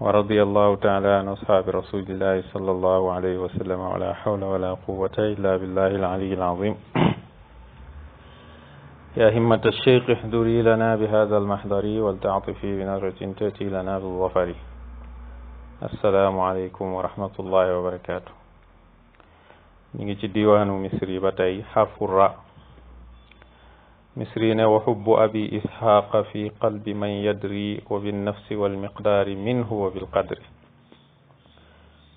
ورضي الله تعالى عن أصحاب رسول الله صلى الله عليه وسلم ولا حول ولا قوة إلا بالله العلي العظيم يا همة الشيخ احذري لنا بهذا المحضر ولتعطفي بنظرة تأتي لنا بالظفر السلام عليكم ورحمة الله وبركاته نيجي ديوان مصري باتاي حفر مصرين وحب أبي إسحاق في قلب من يدري وبالنفس والمقدار منه وبالقدر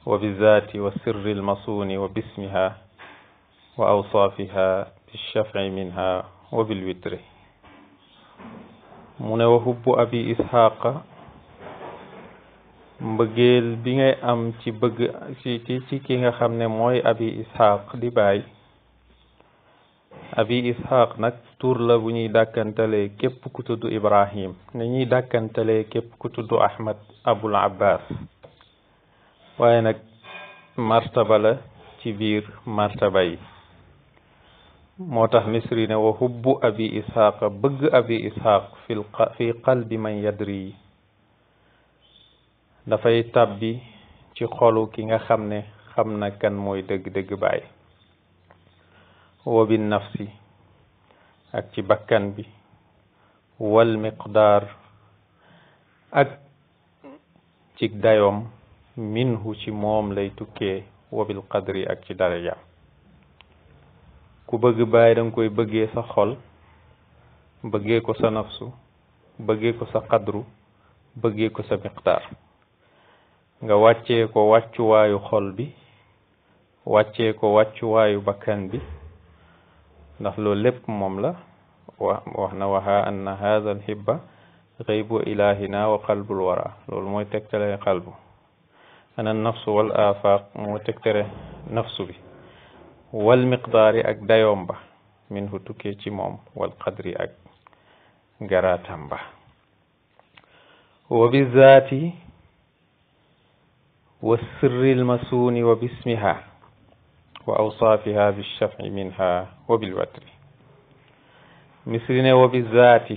وبالذات والسر المصون وباسمها وأوصافها بالشفع منها وبالوتر من وحب أبي إسحاق mbëggeel bi أم am ci تي تي كي ki موي أبي إسحاق دي باي abi ishaq nag tur la bu ñuy dàkkantalee képp ku tudd ibrahim ne ñuy dàkkantalee képp ku tudd ahmad waaye nag martaba la ci biir martaba yi moo tax misri ne wa hubbu abi ishaqa bëgg abi ishaq fi fi man yadri dafay tàbbi ci xolu ki nga xam ne xam na kan mooy dëgg-dëgg baay wa bin nafsi ak ci bakkan bi wal miqdaar ak ci dayom minhu ci moom lay tukkee wa bil ak ci daraja ku bëgg bàyyi danga koy bëggee sa xol bëggee ko sa nafsu bëggee ko sa qadru bëggee ko sa miqdaar nga wàccee ko wàccuwaayu xol bi wàccee ko wàccuwaayu bakkan bi ndax loolu lépp moom la wa wax na waxaa anna haada alhibba xaybu ilahina wa qalbul wara loolu mooy tegtale qalbu ana nafsu wal afaq moo tegtale nafsu bi wal miqdaari ak dayoom ba min hu tukkee ci moom wal qadri ak garaatam ba wa bizaati wa sirri almasuuni wa bismiha وأوصافها بالشفع منها وبالوتر مثلنا وبالذات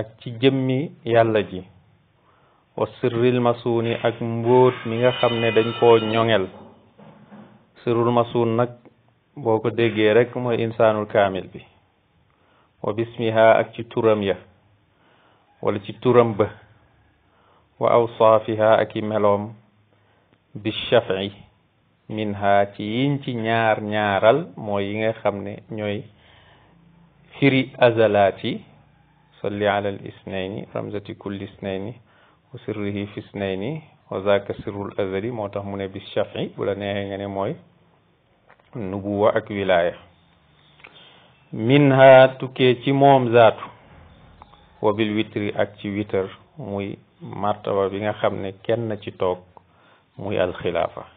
أكتجمي يالجي والسر المسوني أكمبوت ميغا خمنا دنكو نيونيل سر المسون نك بوكو ديجيرك مو إنسان الكامل بي وباسمها أكتورم يه والتورم به وأوصافها أكملهم بالشفعي min ha ci yiñ ci ñaar ñaaral mooy yi nga xam ne ñooy firi azalaati salli ala al isnaini ramzati kulli isnaini wa sirrihi fi isnaini wa zaka sirrul azali moo tax mu ne bis shafi bu la neexee nga ne mooy nubuwa ak wilaya min ha tukkee ci moom zaatu wa bil witri ak ci witar muy martaba bi nga xam ne kenn ci toog muy alxilaafa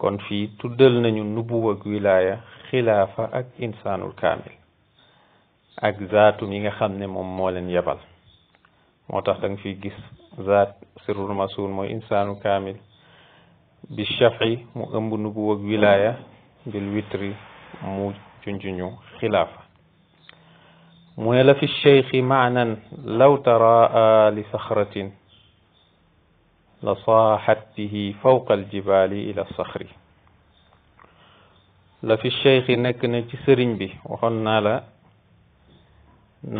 kon fi tuddal nañu nubuwa ak wilaya khilafa ak insanul kamil ak zaatu mi nga xamne mom mo len leen yebal moo tax da nga fiy gis zaat sirrul masul moy insanul kamil bi shafi mu ëmb nubuwa ak wilaya bil witri mu junjuñu khilafa mu ne la fi cheikhi maanan law taraa li saxratin لصاحت به فوق الجبال إلى الصخر لفي الشيخ نكن جسرين به وخلنا لا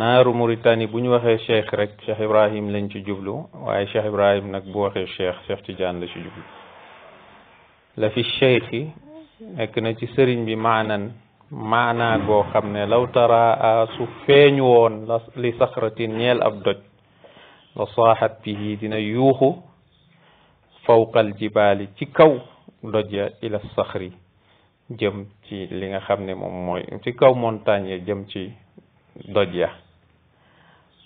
نار موريتاني بني وخي الشيخ رك شيخ إبراهيم لن تجبلو وعي شيخ إبراهيم نك بو وخي الشيخ شيخ تجان لن تجبلو لفي الشيخ نكن جسرين به معنا معنى بو خمنا لو ترى سفينيون لصخرة نيل أبدج لصاحت به دين يوخو fawqal jibaali ci kaw dojja ila saxri jëm ci li nga xam ne moom mooy ci kaw montagne ya jëm ci dojja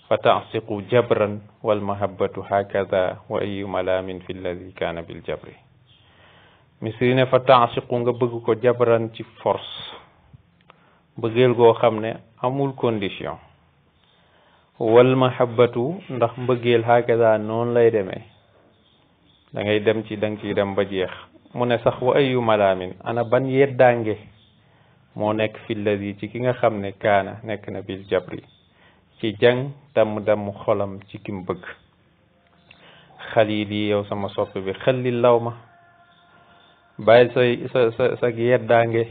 fa taasiqu jabran wal mahabbatu hakada wa ayu malamin fi lladi kaana bil jabri misri ne fa taasiqu nga bëgg ko jabran ci force bëggeel goo xam ne amul condition wal mahabbatu ndax mbëggeel hakada noonu lay demee da dem ci da nga dem ba jeex mu ne sax wa ayu malaamin ana ban yeddaange moo nekk fi ladi ci ki nga xam ne kaana nekk na bil jabri ci jàng damm damm xolam ci kim bëgg xalil yi yow sama sopp bi xalil law ma bàyyi say sa sa sa yeddaange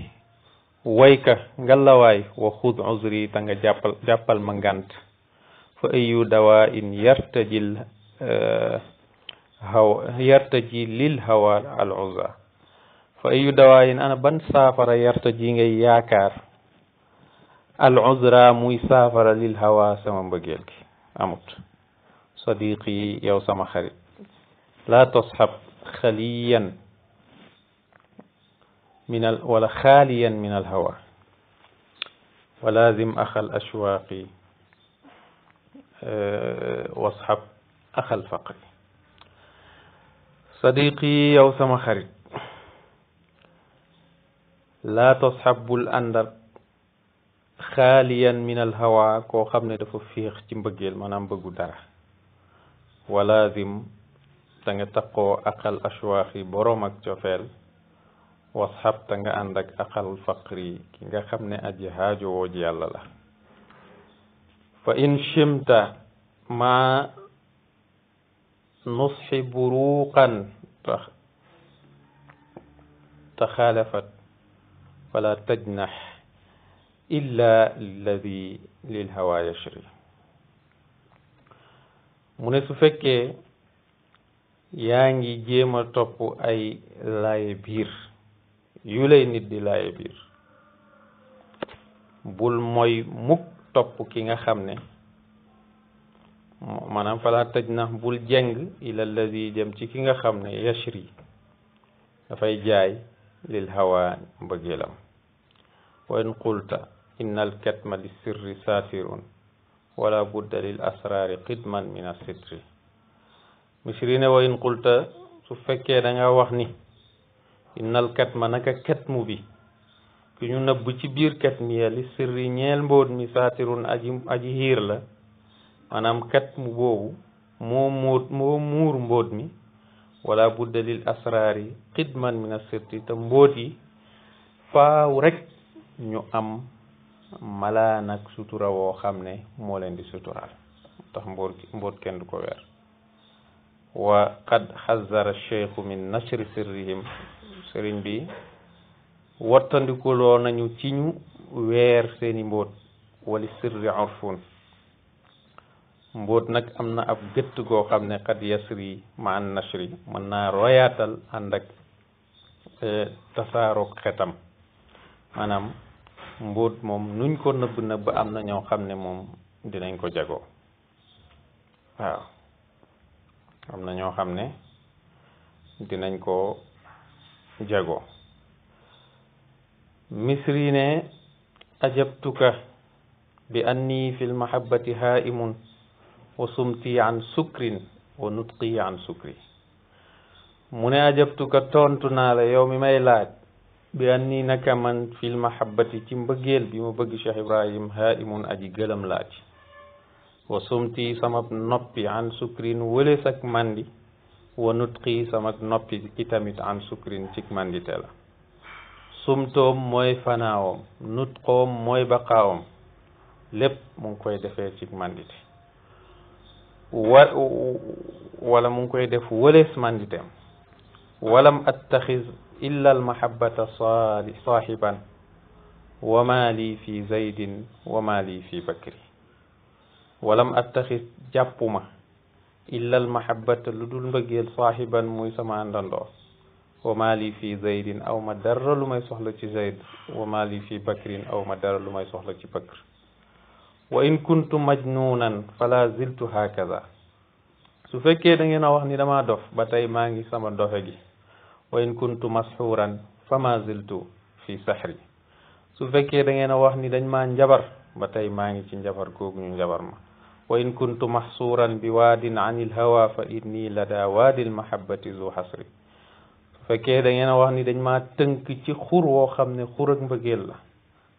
wayka ngalawaay wa xud uzri ta nga jàppal jàppal ma ngant fa ayu dawa in yartajil euh, هو يرتجي للهوى العزى فأي دواين أنا بن سافر يرتجي نجي ياكار العذرة موي سافر للهوى سما بجيلك أموت صديقي يو سما خريب لا تصحب خليا من ال... ولا خاليا من الهوى ولازم أخ الأشواق أه... واصحب أخ الفقر sadiqi yow sama xarit laa tasxab bul ànd ak xaaliyan min al hawa koo xam ne dafa féex ci mbëggeel maanaam bëggu dara walaazim te nga taqoo aqal ashwaaxi boroom ak cofeel wasxab te nga ànd aqal faqri ki nga xam ne aji haajo woo ji yàlla la fa in shimta maa nusxi buruqan tax taxaalafat fala tajnax illa lilladi lil hawa yashri mu ne su fekkee yaa ngi jéem a topp ay laaye biir yu lay nit di laaye biir bul mooy mukk topp ki nga xam ne manam fala tajna bul jeng ila alladhi dem ci ki nga xamne yashri da fay jaay lil hawa mbëggeelam wa in qulta innal katma li sirri satirun wala budda lil asrari qidman min assitri misri ne wa in qulta su fekke da nga wax ni innal katma naka katmu bi ki ñu nëbb ci biir katmiya li sirri ñeel mbóot mi safirun aji aji hir la maanaam kat mu boobu moo móot moo muur mbóot mi wala budda lil asraari xidman min asirti te mbóot yi faaw rekk ñu am malaan ak sutura woo xam ne moo leen di suturaal tax mbóot mbóot kenn du ko weer wa qad xazara cheikhu min nashri sirrihim sëriñ bi wattandikuloo nañu ci ñu weer seeni mbóot wali sirri urfun mbóot nag am na ab gëtt goo xam ne xat yasri ma an nashri mën na royaatal ànd ak eh, tasaaroog xetam maanaam mbóot moom nuñ ko nëbb nëbb am na ñoo xam ne moom dinañ ko jagoo waaw am na ñoo xam ne dinañ ko jagoo misri ne ajabtuka bi anni fi wa sumti an sukrin wa nutqi mu ne ajabtuka tontu naa la yow mi may laaj nii naka man ci mbëggeel bi bëgg Cheikh Ibrahim sama noppi sukrin wële mandi wa sama noppi ki tamit an sukrin cik mandite la sumtoom mooy fanaawam nutqoom mooy baqaawam lépp mu ngi koy defee cik mandite wa wala mu ngi koy def wëlees manditeem walam attaxis illa almahabata saahiban wa ma lii fi zaydin wa ma lii fi bakri walam attaxis jàppuma illa lu dul mbëggeel saahiban muy sama àndandoo wa ma lii fi zaydin aw ma dara lu may soxla ci zayd wa ma lii fi bakrin aw ma lu may soxla ci bakr wa in kuntu majnunan fala ziltu hakaza su fekkee da ngeena wax ni dama dof ba tey maa ngi sama dofe gi wa in kuntu mashuran fama ziltu fi sahri. su fekkee da ngeena wax ni dañ ma njabar ba tey maa ngi ci njabar gog ñu njabar ma wa in kuntu mahsuran bi wadin anil hawa fa inni lada wadil mahabbati zu hasri su fekkee da ngeena wax ni dañ ma teunk ci xur wo xamne xur ak mbegel la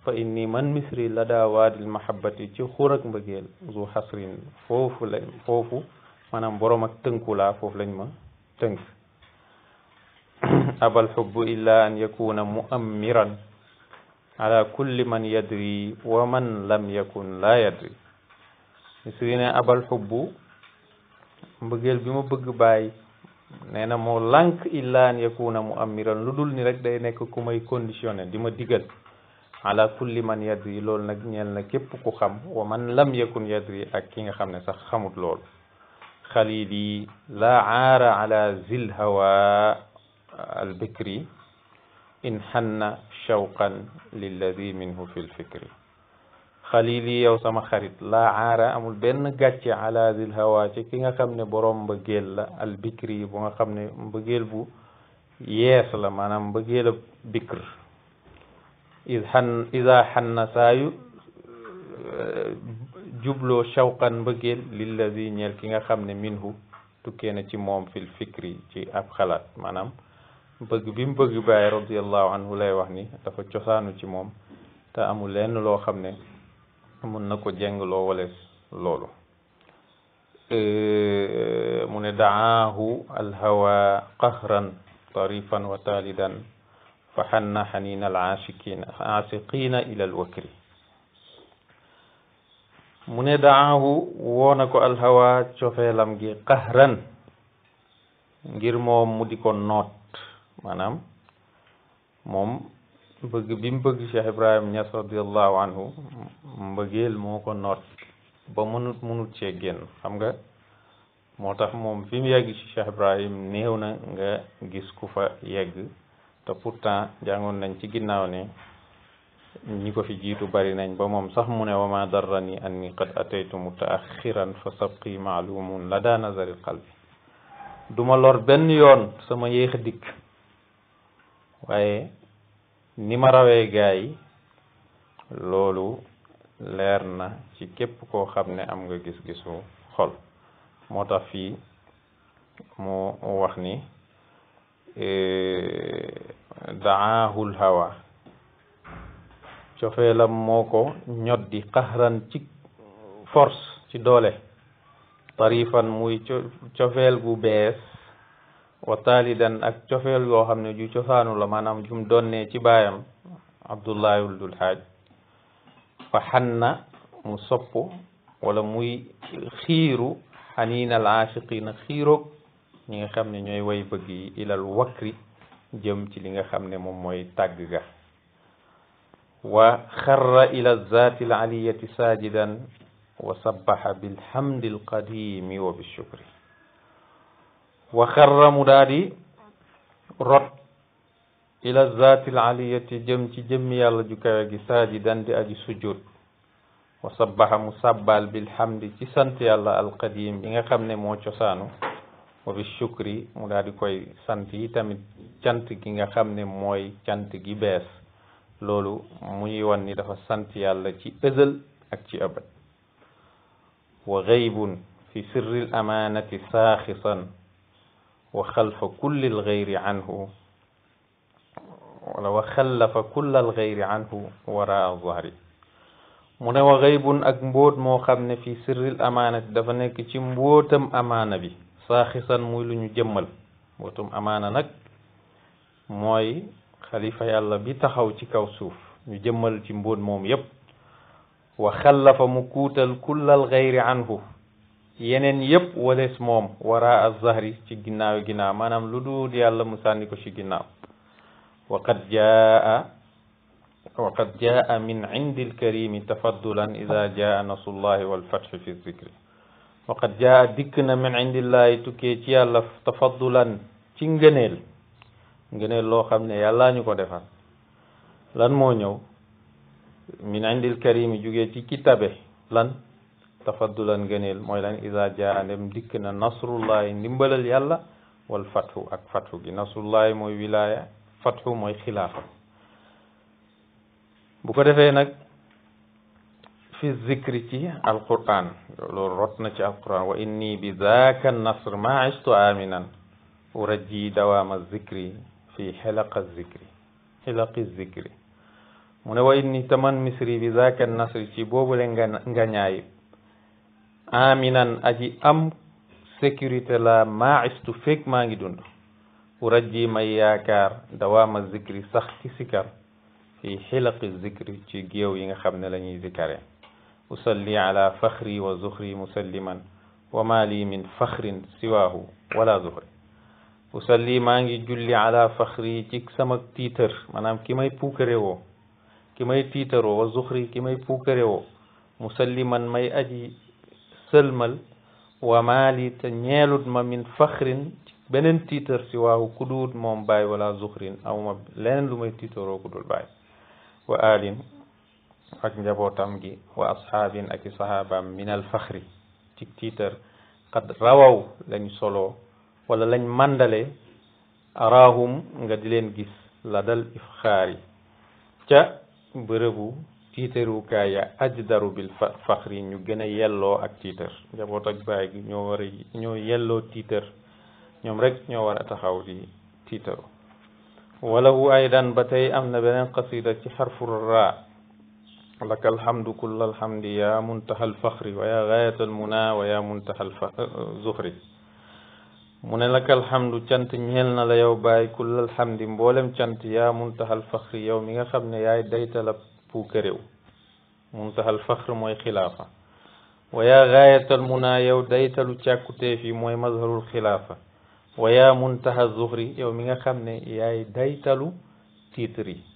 fa inni man misri la daa waadil mahabbati ci xur ak mbëggeel zu xasrin foofu lañ foofu maanaam borom ak tënku laa foofu lañ ma tënk abal xubbu illa an yakuna muammiran ala kulli man yadri wa man lam yakun la yadri misri ne abal xubbu mbëggeel bi ma bëgg bàyyi nee na moo lànk illa an yakuna muammiran lu dul ni rek day nekk ku may conditionné di ma digal ala kulli man yadri loolu nag ñeel na képp ku xam wa man lam yakun yadri ak ki nga xam ne sax xamut loolu xalili laa aara ala zil hawa al bikri in xanna shawqan lilladi minhu fi lfikri xalili yow sama xarit laa aara amul benn gàcce ala zil hawa ci ki nga xam ne boroom mbëggeel la al bikri bu nga xam ne mbëggeel bu yees la maanaam mbëggeel ab bikr is xan isa xanna saayu jubloo shawqan mbëggeel lillazi ñeel ki nga xam ne minhu tukkee na ci moom fil fikri ci ab xalaat maanaam bëgg bi mu bëgg bàyyi radiallahu anhu lay wax ni dafa cosaanu ci moom te amu lenn loo xam ne mun na ko jengloo wala loolu mu ne daahu alhawa qahran tarifan wa taalidan waxanna xanina al aasiqina aasiqina ila al wakri mu ne daahu woona ko alhawa cofeelam gi qahran ngir moom mu di ko noot maanaam moom bëgg bëgg Cheikh Ibrahim Niass radiallahu anhu mbëggeel moo ko noot ba mënut mënut cee xam nga moo tax moom fi mu yegg ci Ibrahim néew na nga gis ku fa yegg te pourtant jàngoon nañ ci ginnaaw ne ñi ko fi jiitu bari nañ ba moom sax mu ne wa ma darrani anni qad mu mutaaxiran fa sabqi maalumun la daa nazaril qalbi duma lor benn yoon sama yéex dikk waaye ni ma rawee gaa yi loolu leer na ci képp koo xam ne am nga gis-gisu xol moo tax fii mu wax ni Eh, daahu lhawa cofeelam moo ko ñoddi qaxran ci force ci doole tarifan muy cofeel gu bees wa taalidan ak cofeel yoo xam ne ju cosaanu la maanaam jum donnee ci baayam abdullahi wuldul haaj fa xanna mu sopp wala muy xiiru xaniinal aashiqiina xiiroog ñi nga xam ne ñooy way bëgg yi ilal wakri jëm ci li nga xam ne moom mooy tàgg ga wa xarra ila zaati al aliyati saajidan wa sabbaha bilhamdi alqadimi wa bishukri wa xarra mu daa di rot ila zaati al aliyati jëm ci jëmm yàlla ju kawe gi saajidan di aji sujud wa sabbaha mu sàbbaal bilhamdi ci sant yàlla alqadim bi nga xam ne moo cosaanu وبالشكر مودا ديكوي سانتي تاميت تانت كيغا خامني موي تانت كي بيس لولو موي واني دا فا سانتي يالله تي ازل اك تي ابد وغيب في سر الامانه ساخصا وخلف كل الغير عنه ولا وخلف كل الغير عنه وراء الظهر من وغيب اك مبوت مو خامني في سر الامانه دا فا نيك تي مبوتم امانه بي ساخصا موي لو نيو جيمال موتوم امانه نك موي خليفه يالله بي تخاو تي كاو سوف نيو جيمال تي مبون موم ييب وخلف مكوتل كل الغير عنه ينن ييب ولس موم وراء الظهر تي غيناو غينا مانام لودود يالله مسانيكو شي غيناو وقد جاء وقد جاء من عند الكريم تفضلا اذا جاء نصر الله والفتح في الذكر waqad jaa dikk na min indillahi tukkee ci yàlla tafaddulan ci ngëneel ngëneel loo xam ne yàllaa ñu ko defal lan moo ñëw min indil karimi jugee ci ki tabe lan tafaddulan ngëneel mooy lan isa jaa ndem dikk na nasrullahi ndimbalal yàlla wal fathu ak fathu gi nasrullahi mooy wilaaya fathu mooy xilaafa bu ko defee nag fi zikri ci alquran loolu rot na ci alquran wa inni bi zaaka nasr ma istu aminan urajji dawaama zikri fi xelaqa zikri zikri mu ne wa inni taman misri bi zaaka nasri ci boobule ngañaay aminan aji am sécurité la ma istu fekk maa ngi dund urajji may yaakaar dawaama zikri sax ci sikar fi xelaqi zikri ci géew yi nga xam ne la ñuy zikaree usalli ala faxri wa zuxri musalliman wa ma li min faxrin siwaahu wala zuxri usalli maa ngi julli ala faxri ci sama tiitar maanaam ki may puukare woo ki may tiitaroo wa zuxri ki may puukare woo musalliman may aji sëlmal wa ma li te ñeelut ma min faxrin beneen tiitar siwaahu ku duut moom baay wala zuxrin amuma leneen lu may tiitaroo ku dul baay wa alin ak njabootam gi wa asxaabin ak i sahabaam min al faxri ci tiitar qad rawaw lañ solo wala lañ màndale araahum nga di leen gis la dal ifxaari ca bërëbu tiitarukaay ya ajdaru bil faxri ñu gën a yelloo ak tiitar njaboot baay gi ñoo yelloo tiitar ñoom rek ñoo war a taxaw di tiitaru wala hu aydan ba tey am na beneen qasida ci xarfu لك الحمد كل الحمد يا منتهى الفخر ويا غاية المنى ويا منتهى الزخر من لك الحمد تشانت نيلنا لا يو باي كل الحمد مبولم تشانت يا منتهى الفخر يوم خبنا يا ديت لا بوكريو منتهى الفخر موي خلافه ويا غاية المنى يو ديت لو تشاكوتي في موي مظهر الخلافه ويا منتهى الزخر يوم خبنا يا ديت لو تيتري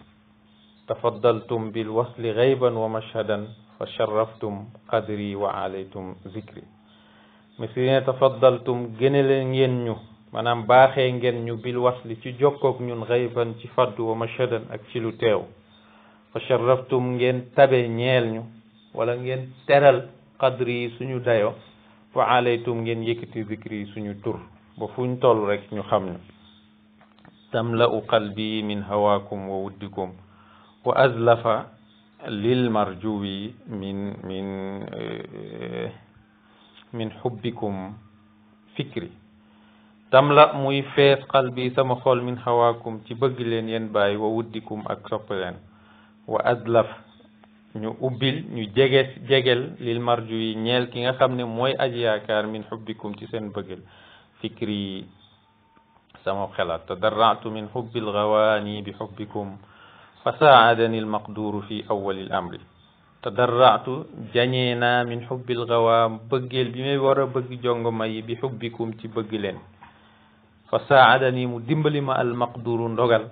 تفضلتم بالوصل غيبا ومشهدا فشرفتم قدري وعليتم ذكري misirine tafadaltum gënale ngeen ñu maanaam baaxee ngeen ñu bil wasli ci jokkook ñun xayban ci faddu wa mashadan ak ci lu teew fa sharraftum ngeen tabe ñeel ñu wala ngeen teral qadri yi suñu dayo fa alaytum ngeen yëkkati zikri yi suñu tur ba fuñ toll rek ñu xam ñu tamla'u qalbi min hawaakum wa wuddikum وأزلف للمرجو من من آه، من حبكم فكري تملا موي فيس قلبي سما خول من هواكم تي بغ لين ين باي ووديكم اك سوبلين وادلف نيو اوبيل نيو جيجيس جيجل للمرجو نيل كيغا خامني موي اجي ياكار من حبكم تي سن بغل فكري سما خلات تدرعت من حب الغواني بحبكم فساعدني المقدور في أول الأمر تدرعت جنينا من حب الغوام بجل بما ورا بج جونغ ماي بحبكم تي فساعدني مدمبلي ما المقدور نغال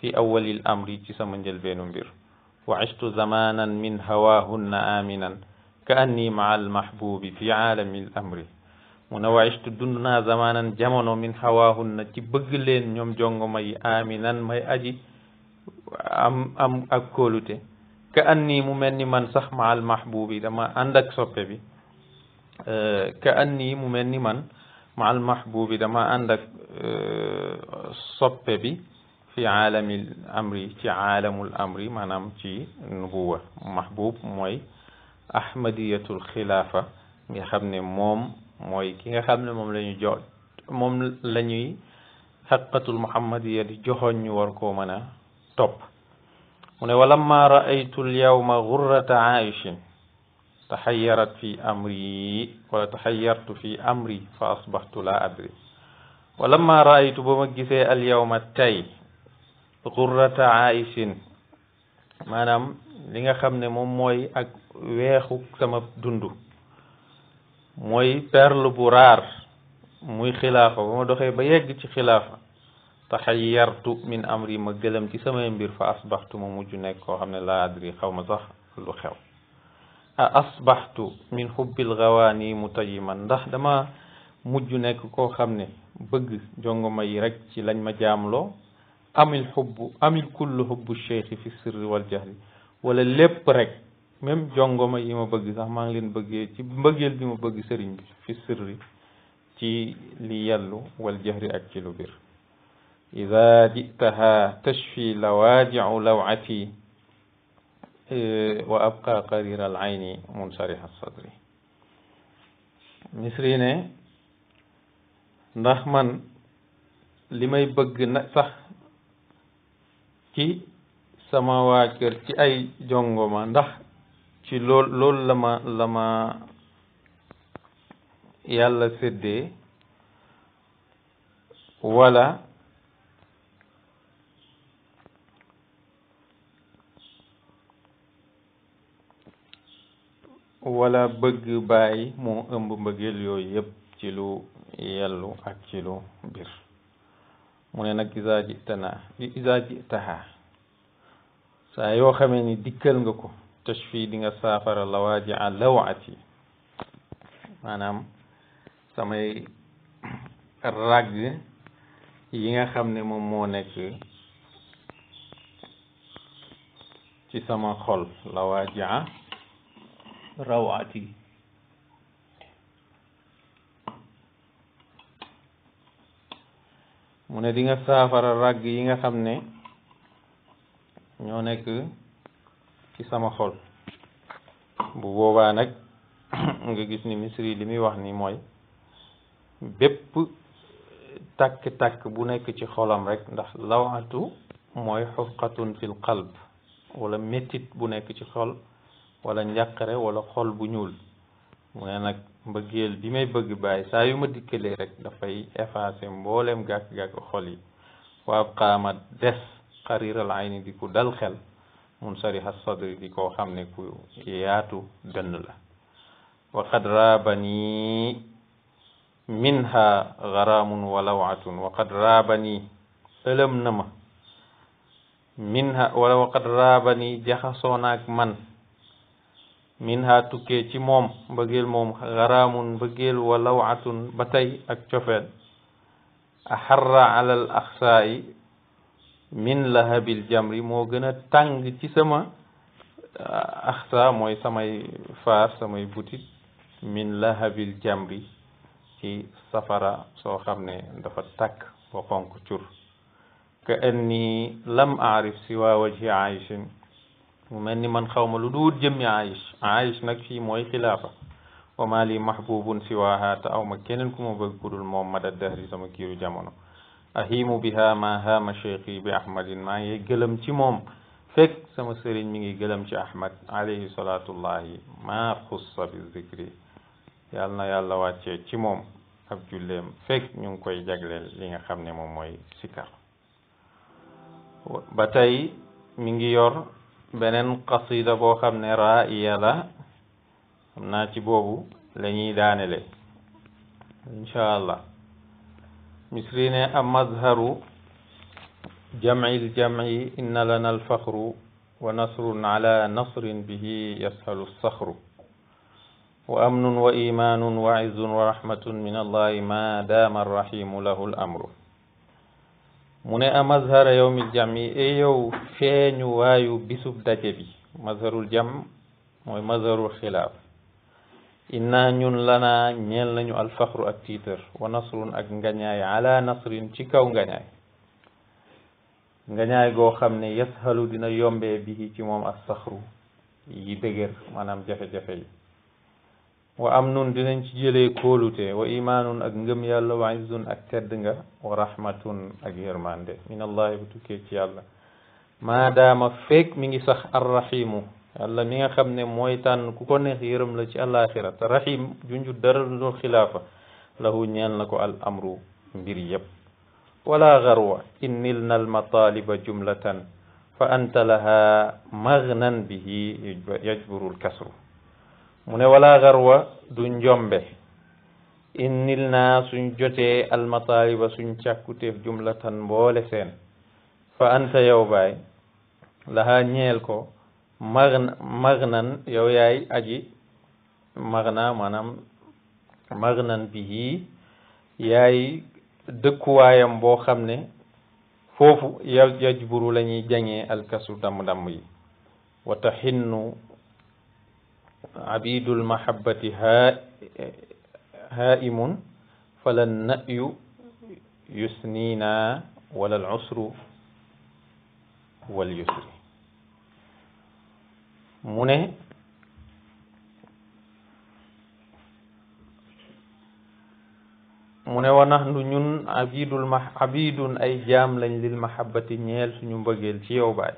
في أول الأمر تي سمنجل بينمبر وعشت زمانا من هواهن آمنا كأني مع المحبوب في عالم الأمر من وعشت دننا زمانا جمنا من هواهن تي يوم جونغ ماي آمنا ماي أجي am am ak kolute ka anni mu melni man sax ma al mahbubi dama ànd ak soppe bi ka anni mu melni man ma al mahbubi dama ànd ak soppe bi fi alam al amri ci al amri manam ci nubuwa mahbub moy ahmadiyatul khilafa nga xamne mom moy ki nga xamne mom lañu la ñu jox moom la ñuy xaqatul di joxoon ñu war ko mën topp mu ne walamma raaytu lyawma gurrata aishin taxayarat fi amri wala taxayartu fi amri fa asbaxtu la adri walamma raaytu ba ma gisee alyawma tay gurrata aishin maanaam li nga xam ne moom mooy ak weexu sama dundu mooy perle bu raar muy xilaafa ba ma doxee ba yegg ci xilaafa تحيرت من امري ما گلم تي سما مبير فاصبحت ممجو نيكو خامن لا ادري خاوما صح لو خاو اصبحت من حب الغواني متيما ندخ دما مجو نيكو كو خامن بغ جونغو ماي رك سي لاني ما جاملو ام الحب ام كل حب الشيخ في السر والجهل ولا ليب رك ميم جونغو ماي ما بغ صح ما نلين بغي سي مبغيل دي ما بغ سيرين في السر تي لي يالو والجهر اك بير ida jitaha tashfi lawaadiu lawati wa abqa qarir al ayni munsarih al sadri misri ne ndax man li may bëgg na sax ci sama waa kër ci ay jongoma ndax ci lool loolu la ma la ma yàlla séddee wala wala bëgg bàyyi moo ëmb mbëggeel yooyu yépp ci lu yellu ak ci lu bir mu ne nag isa ji tana saa yoo xamee ni dikkal nga ko tashfi di nga saafara lawaaji a lawaati maanaam samay ragg yi nga xam ne moom moo nekk ci sama xol lawaaji a rawati mu ne dinga saafara ràgg yi nga xam ne ñoo nekk ci sama xol bu boobaa nag nga gis ni misri li muy wax ni mooy bépp takk-takk bu nekk ci xolam rek ndax lawaatu mooy xufqatun fil qalb wala métit bu nekk ci xol wala njàqare wala xol bu ñuul mu ne nag mbëggeel bi may bëgg bàyyi saa yu ma dikkalee rek dafay effacer mbooleem gàkk-gàkk xol yi waab xaama des xariral ayni di ku dal xel mun sariha sadri di koo xam ne ku yaatu dënn la waqad raabani minha garaamun wa lawatun waqad raabani ëlëm na ma minha wala waqad raabani jaxasoo naak man منها تكيتي موم بغيل موم غرام بغيل ولوعة بتي أكتفد أحر على الأخساء من لهب الجمر موغنا تنغ تي سما أخساء موي سماي فار سماي بوتيت من لهب الجمر تي سفرة سو خمني دفا تاك بوكونك تور كأني لم أعرف سوى وجه عايشين mu mel ni man xawma lu duut jëmmi Aish Aish nag fii mooy xilaafa wa maa lii mahbubun siwaha te aw ma keneen ku ma bëgg ku dul moom mada dahri sama kiiru jamono ahimu biha ma haama cheikhi bi ahmadin maa ngi gëlëm ci moom fekk sama sëriñ mi ngi gëlëm ci ahmad alayhi salatullahi maa xussa bi zikri yàlla na yàlla wàccee ci moom ab julleem fekk ñu ngi koy jagleel li nga xam ne moom mooy sikar ba ngi yor beneen qasida boo xam ne raaya la xam naa ci boobu la ñuy daanele insha allah misri ne a mazharu jamci ljamci inna lana alfaxru wa nasrun ala nasrin bihi yashalu alsaxru wa amnun wa imanun wa izzun wa rahmatun min allahi ma daama arrahimu lahu alamru mu ne a mazhara yawmil jami e yow feeñu waayu bisub daje bi mazharul jam mooy mazharul xilaaf inna ñun lanaa ñeel nañu alfaxru ak tiitar wa nasrun ak ngañaay ala nasrin ci kaw ngañaay ngañaay goo xam ne yashalu dina yombe bi ci moom as saxru yi dëgër maanaam jafe-jafe yi وأمن دينك جلي كولته وإيمان أنجم وعزون وعز أكتردنا ورحمة أجيرمان ده من الله بتوكيت يالله ما دام فيك من يسخ الرحيم الله من يخبن مويتان كون غيرم لك الله آخرة الرحيم جنجو درر نور خلافة له نيان لك الأمر بريب ولا غروة إن لنا المطالب جملة فأنت لها مغنن به يجبر الكسر mu ne wala garwa du njombe innil naa suñ jotee almataaliba suñ càkkuteef jumlatan mboole seen fa anta yow baay laha ñeel ko magna magnan yow yaay aji magna maanaam magnan bihi yaay dëkkuwaayam boo xam ne foofu yajburu la ñuy jañee alkasu damm damm yi wata xinnu عبيد المحبة هائم فلا النأي يسنينا ولا العسر واليسر من من ونحن نن عبيد المح عبيد أي جاملا للمحبة نيل سنبغيل تيوبات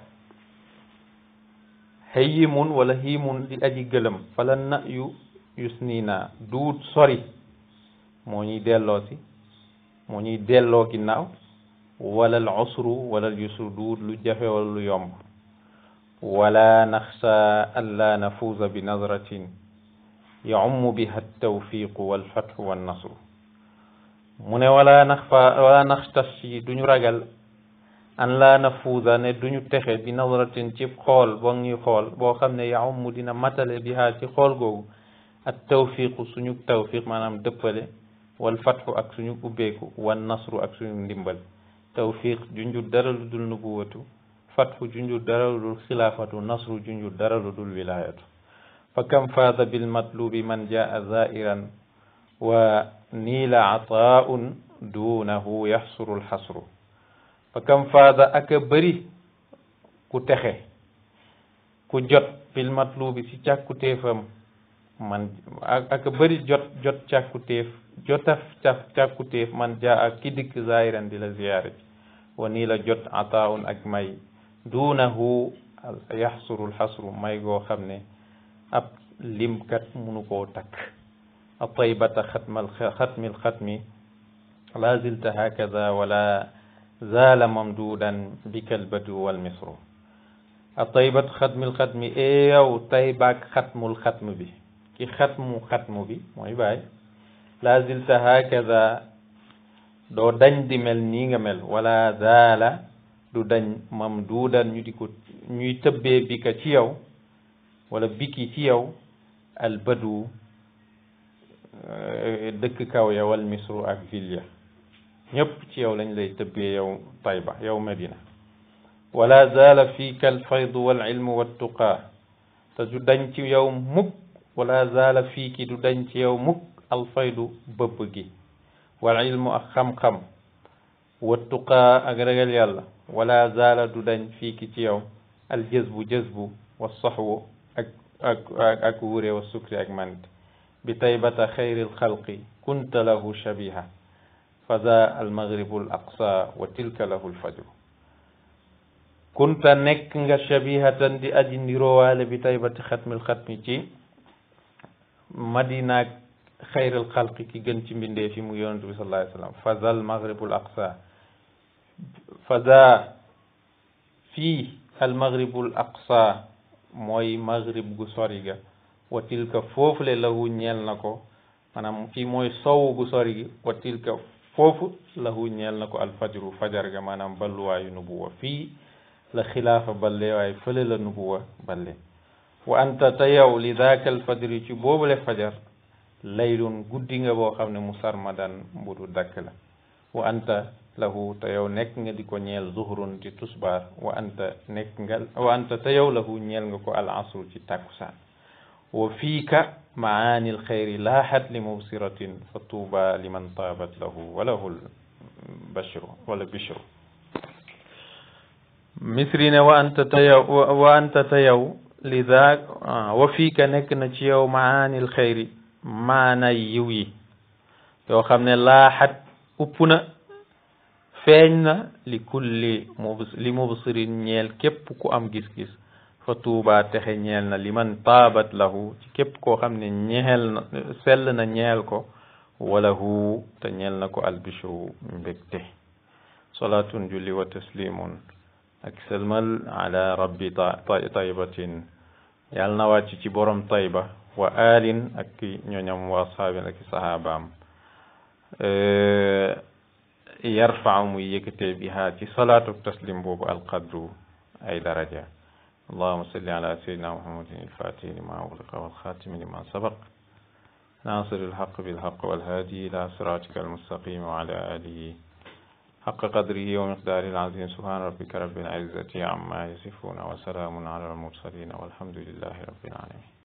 هيمون ولا هيمون دي أجي قلم فلن يو يسنينا دود صري موني ديلو سي موني ديلو كناو ولا العصر ولا اليسر دود لجهة ولا اليوم ولا نخشى ألا نفوز بنظرة يعم بها التوفيق والفتح والنصر من ولا نخفى ولا نخشى دنيا دون رجل أن لا نفوذ أني دنيو تخي بنظرة تيب خول بوني خول بو خمنا يعم دينا متل بها تي خول جو التوفيق سنوك توفيق ما نام دبل والفتح أك سنوك بيكو والنصر أك سنوك دمبل توفيق جنجو درل دل نبوتو فتح جنجو درل دل خلافة نصر جنجو درل دل ولاية فكم فاز بالمطلوب من جاء زائرا ونيل عطاء دونه يحصر الحصر fa kam faasa ak a bëri ku texe ku jot fil matlubi ci càkkutéefam man ak a bëri jot jot càkkutéef jotaf caf càkkutéef man jaa ak ki dikk zaahiran di la ziyaare ji wa nii la jot ataun ak may duunahu yaxsurul xasru may goo xam ne ab limkat munu koo takk a taybata xatmal xatmil xatmi la zilta hakada wala زال ممدودا بك البدو والمصر الطيبة ختم الختم إيه أو طيبك ختم الختم بي كي ختم ختم بي موي باي لازلت هكذا دو دنج دي مل نيغا مل ولا زال دو دنج ممدودا ني ديكو ني تبي بك تي ولا بكي تي البدو آه، دك كاو يا والمصر اك فيليا ñépp ci yow lañ lay tëbbee yow tayba yow medina wala zaala fiika alfaydu walilmu waltuqaa te du dañ ci yow mukk wala zala fiki du dañ ci yow mukk alfaydu bëpp gi walilmu ak xam-xam waltuqaa ak ragal yàlla wala zala du dañ fiki ci yow aljëzbu jëzbu walsaxwu ak ak ak ak wure wa sukri ak mant bi taybata xayri alxalqi kunta lahu shabiha faza almaghribu al aqsa wa tilka lahu alfajru kunta nekk nga shabihatan di aji niroowaale bi taybati xatmil xatmi ci madinaak xayral xalqi ki gën ci mbindee fi mu yonent bi sallallahu alayhi wa sallam faza almaghribu al aqsa faza fii almaghribu mooy maghrib gu sori wa tilka foofule lahu ñeel na ko maanaam fii mooy sowu gu sori wa tilka foofu lahu ñeel na ko alfajru fajar ga maanaam balluwaayu nubuwa fii la xilaafa balle waaye fële la nubuwa balle wa anta te yow li daaka alfajri ci boobule fajar laylun guddi nga boo xam ne mu sarmadan mbudu dakk la wa anta lahu te yow nekk nga di ko ñeel zuhrun ci tusbaar wa anta nekk nga wa anta te yow lahu ñeel nga ko al asru ci tàkkusaan وفيك معاني الخير لاحت لمبصرة فطوبى لمن طابت له وله البشر والبشر مصرنا وأنت تيو وأنت تيو لذا آه، وفيك نك نجيو معاني الخير معنى يوي يو xam ne laaxat upp na feeñ na li kulli mubs li mubsirin ñeel فتوبا تخنيل لمن طابت له كيب كو خمني نيهل سل نا نيهل كو وله تنيل نكو البشو مبكته صلاة جلي وتسليم أكسلم على ربي طي طيبة يالنا واتي تبورم طيبة وآل أكي نيونيوم واصحاب لكي صحابام يرفع ميكتي بها صلاة التسليم بوب القدر أي درجة اللهم صل على سيدنا محمد الفاتح لما أغلق والخاتم لما سبق ناصر الحق بالحق والهادي إلى صراطك المستقيم وعلى آله حق قدره ومقداره العظيم سبحان ربك رب العزة عما يصفون وسلام على المرسلين والحمد لله رب العالمين